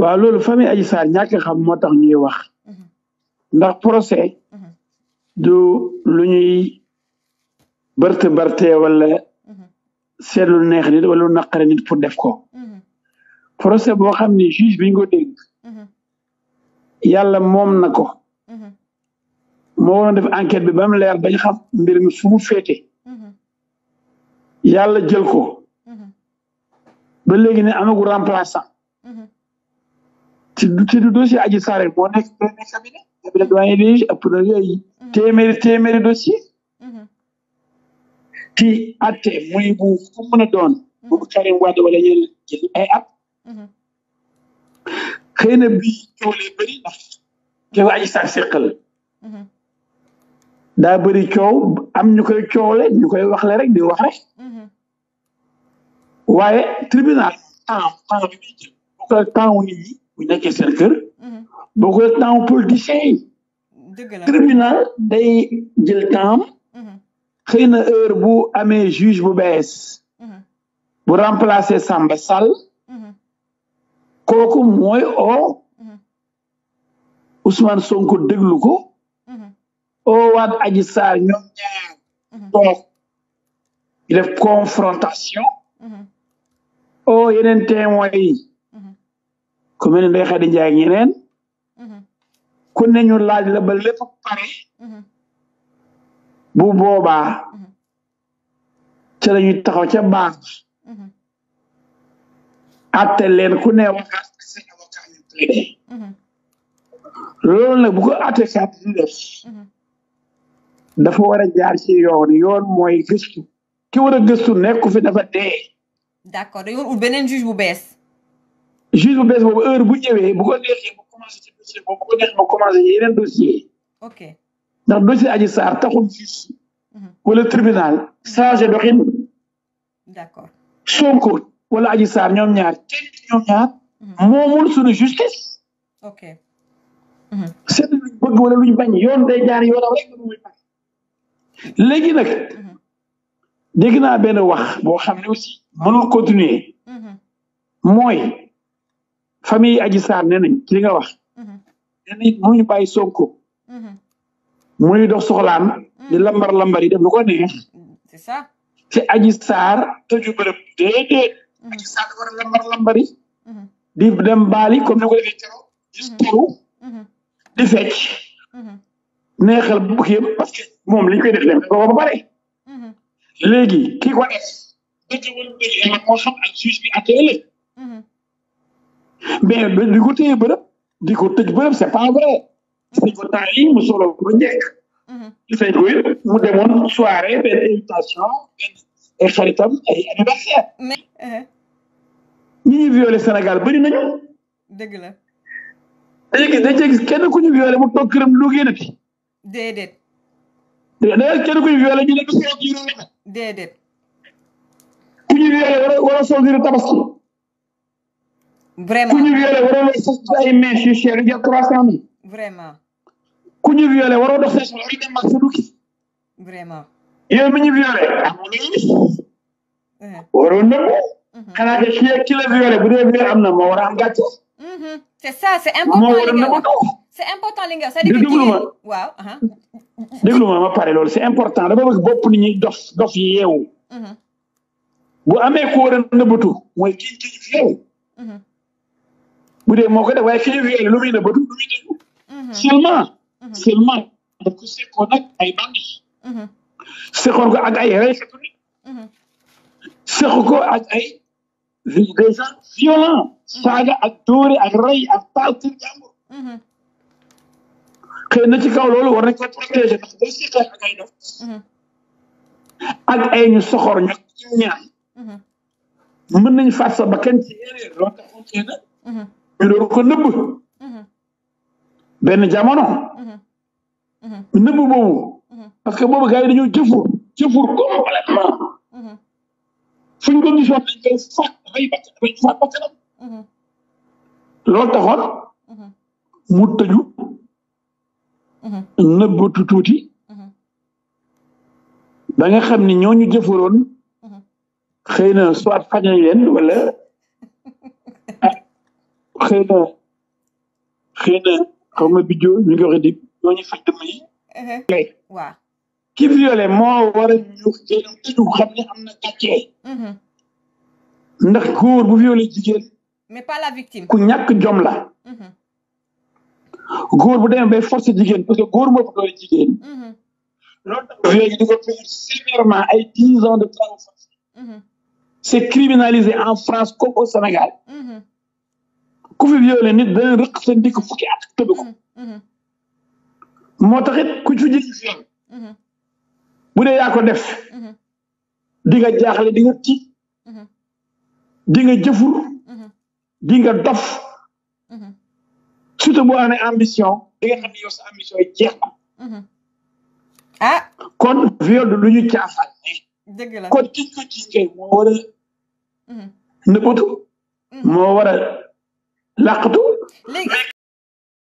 waaw loolu famille Adji Sarr ñàkk xam moo tax ñuy wax mm-hmm. ndax procès mm-hmm. du lu ñuy bërte bërte wala mm-hmm. seetlu neex nit wala lu naqare nit pour def ko procès boo xam ni juge biñ ñu ko dégg yàlla moom na ko moo waroon def enquête bi ba mu leer bañ xam mbir mi fu mu yàlla jël ko ba léegi ne amagu remplaçant ci ci dossier Adji Sarr moo nekk premier cabinet cabinet doyen des juges ëpp na yooyu mm-hmm. téeméeri mm-hmm. muy bu fu mën doon mm-hmm. Karim Wade wala ñeneen jël ay at xëy na bii coow lee bëri ndax coow Adji Sarr seqal daa bëri coow am ñu koy coowle ñu koy wax le rek di wax rek waaye tribunal temps temps bu nekkee seen kër mhm. ko temps politicien yi day jël temps mhm. xëy na heure bu ame juge bu bees mhm. bu remplacer Samba Sall kooku mooy oo Ousmane Sonko déglu ko oo waat Adji ñoom ñaar toog def confrontation oo yeneen témoins ku mel ni Ndeye Khady Ndiaye ak ñeneen mhm. ku ne ñu laaj la ba lépp pare mhm. bu boobaa mhm. ca la ñuy taxaw ca baax atte leen ku ne waxaat seen avocat ñu plaidé loolu nag bu dafa war a jaar ci yoon yoon mooy gëstu ki war a gëstu nekku fi dafa dee d'accord dañu war beneen juge bu bees juge bu bees boobu heure bu ñëwee bu ko neexee mu bu ko neexee dossier ok ndax dossier Adji Sarr taxul juge mhm. wala tribunal changé doxin. d'accord Sonko wala Adji Sarr ñoom ñaar kenn ñoom mhm. moomul suñu justice. ok. Mhm. seet luñ bëgg wala luñ bañ yoon day jaar yoonam rek lu léegi nag dégg naa benn wax boo xam ne aussi mënul continuer. mooy. famille Adji Sarr nee nañ ci li nga wax. Mhm. nee nañ Sonko. Mhm. muy dox soxlaam mhm. di lambar lambar yi def lu ko neex. c'est ça. te Adji Sarr tëju bërëb déedéet. lambar lambar di dem baali comme ni ko defee caro. gis koru. di fecc. bu yem parce que moom li koy def leen ko ba pare. léegi kii ko def. dëgg wala dëgg mais di ko téye bërëb di ko tëj bërëb c'est pas vrai si ko mu solo ko njëkk gis ko yëpp mu demoon soirée benn invitation benn xaritam ay anniversaire uh-huh. ñi ñu violé Sénégal bëri nañu dëgg la dañu kenn ku ñu violé mu toog këram lu génn fi déedéet ku ñu violé ñu ne du a tabaski vraiment ku ñu violé waroo dox sa ay mèches yu cher yu jël vraiment. ku ñu violé waroo dox sa soxla dem ak dukki. ñu violé amul eh. mhm. léegi. bu am na war a am gàcce. li nga c'est-à-dire déglu pare loolu c'est important dafa bëgg bopp nit ñi dof dof yi yeewu. Mhm. bu amee ku war nëbbutu mooy kii kii violé. bu moo ko def waaye ki ñu violé lu muy nëbbatu lu muy déglu mhm. seulement mhm. ko seqoon ak ay bandits mhm. seqoon ko ak ay rayfatu nit seq ko ak ay des gens violents saaga ak dóore ak rey ak taal kër jàmbur xëy na ci kaw loolu war nañ ko protéger ndax boo seqee ak ay dof ak ay ñu soxor ño ñaan mën nañ faat sa bakkan ci yeneen loolu taxoon xëy ñu ko nëbb mhm. benn jamono mhm. Mhm. nëbb boobu parce que boobu gars yi dañoo jëfur jëfur complètement fu ñu ko gisoon taxoon mu tëju nëbbatu tuuti ba nga xam ni ñooñu jëfuroon xëy na soit faj wala xëy na xëy na xaw ma bijjoo ñu ngi wax di ñooñu faj dëmm yi. waaw ki violé moo war a ñu jël tëju xam ne am na gàccee. Uh-huh. ndax góor bu violé jigéen. mais pas la victime. ku ñàkk jom la. Uh-huh. góor bu demee bay forcé jigéen parce que góor moo fa doon jigéen. Uh-huh. loolu tax viol yi di ko payer sévèrement ay dix ans de travaux forcés. c' est criminalisé en France comme au Sénégal. Mm -hmm. ku fi violé nit dana rëq sa ndig fukki at tëb ko moo tax it ku ci jël bu dee yaa def di nga jaaxle di nga tiit di nga jëfur di nga dof surtout boo amee ambition di nga ambition jeex ah. kon viol du lu ñu caafal dëgg la kon kiñ ko jiitee moo war mm-hmm. nëbbatu mm-hmm. moo war làqatu. léegi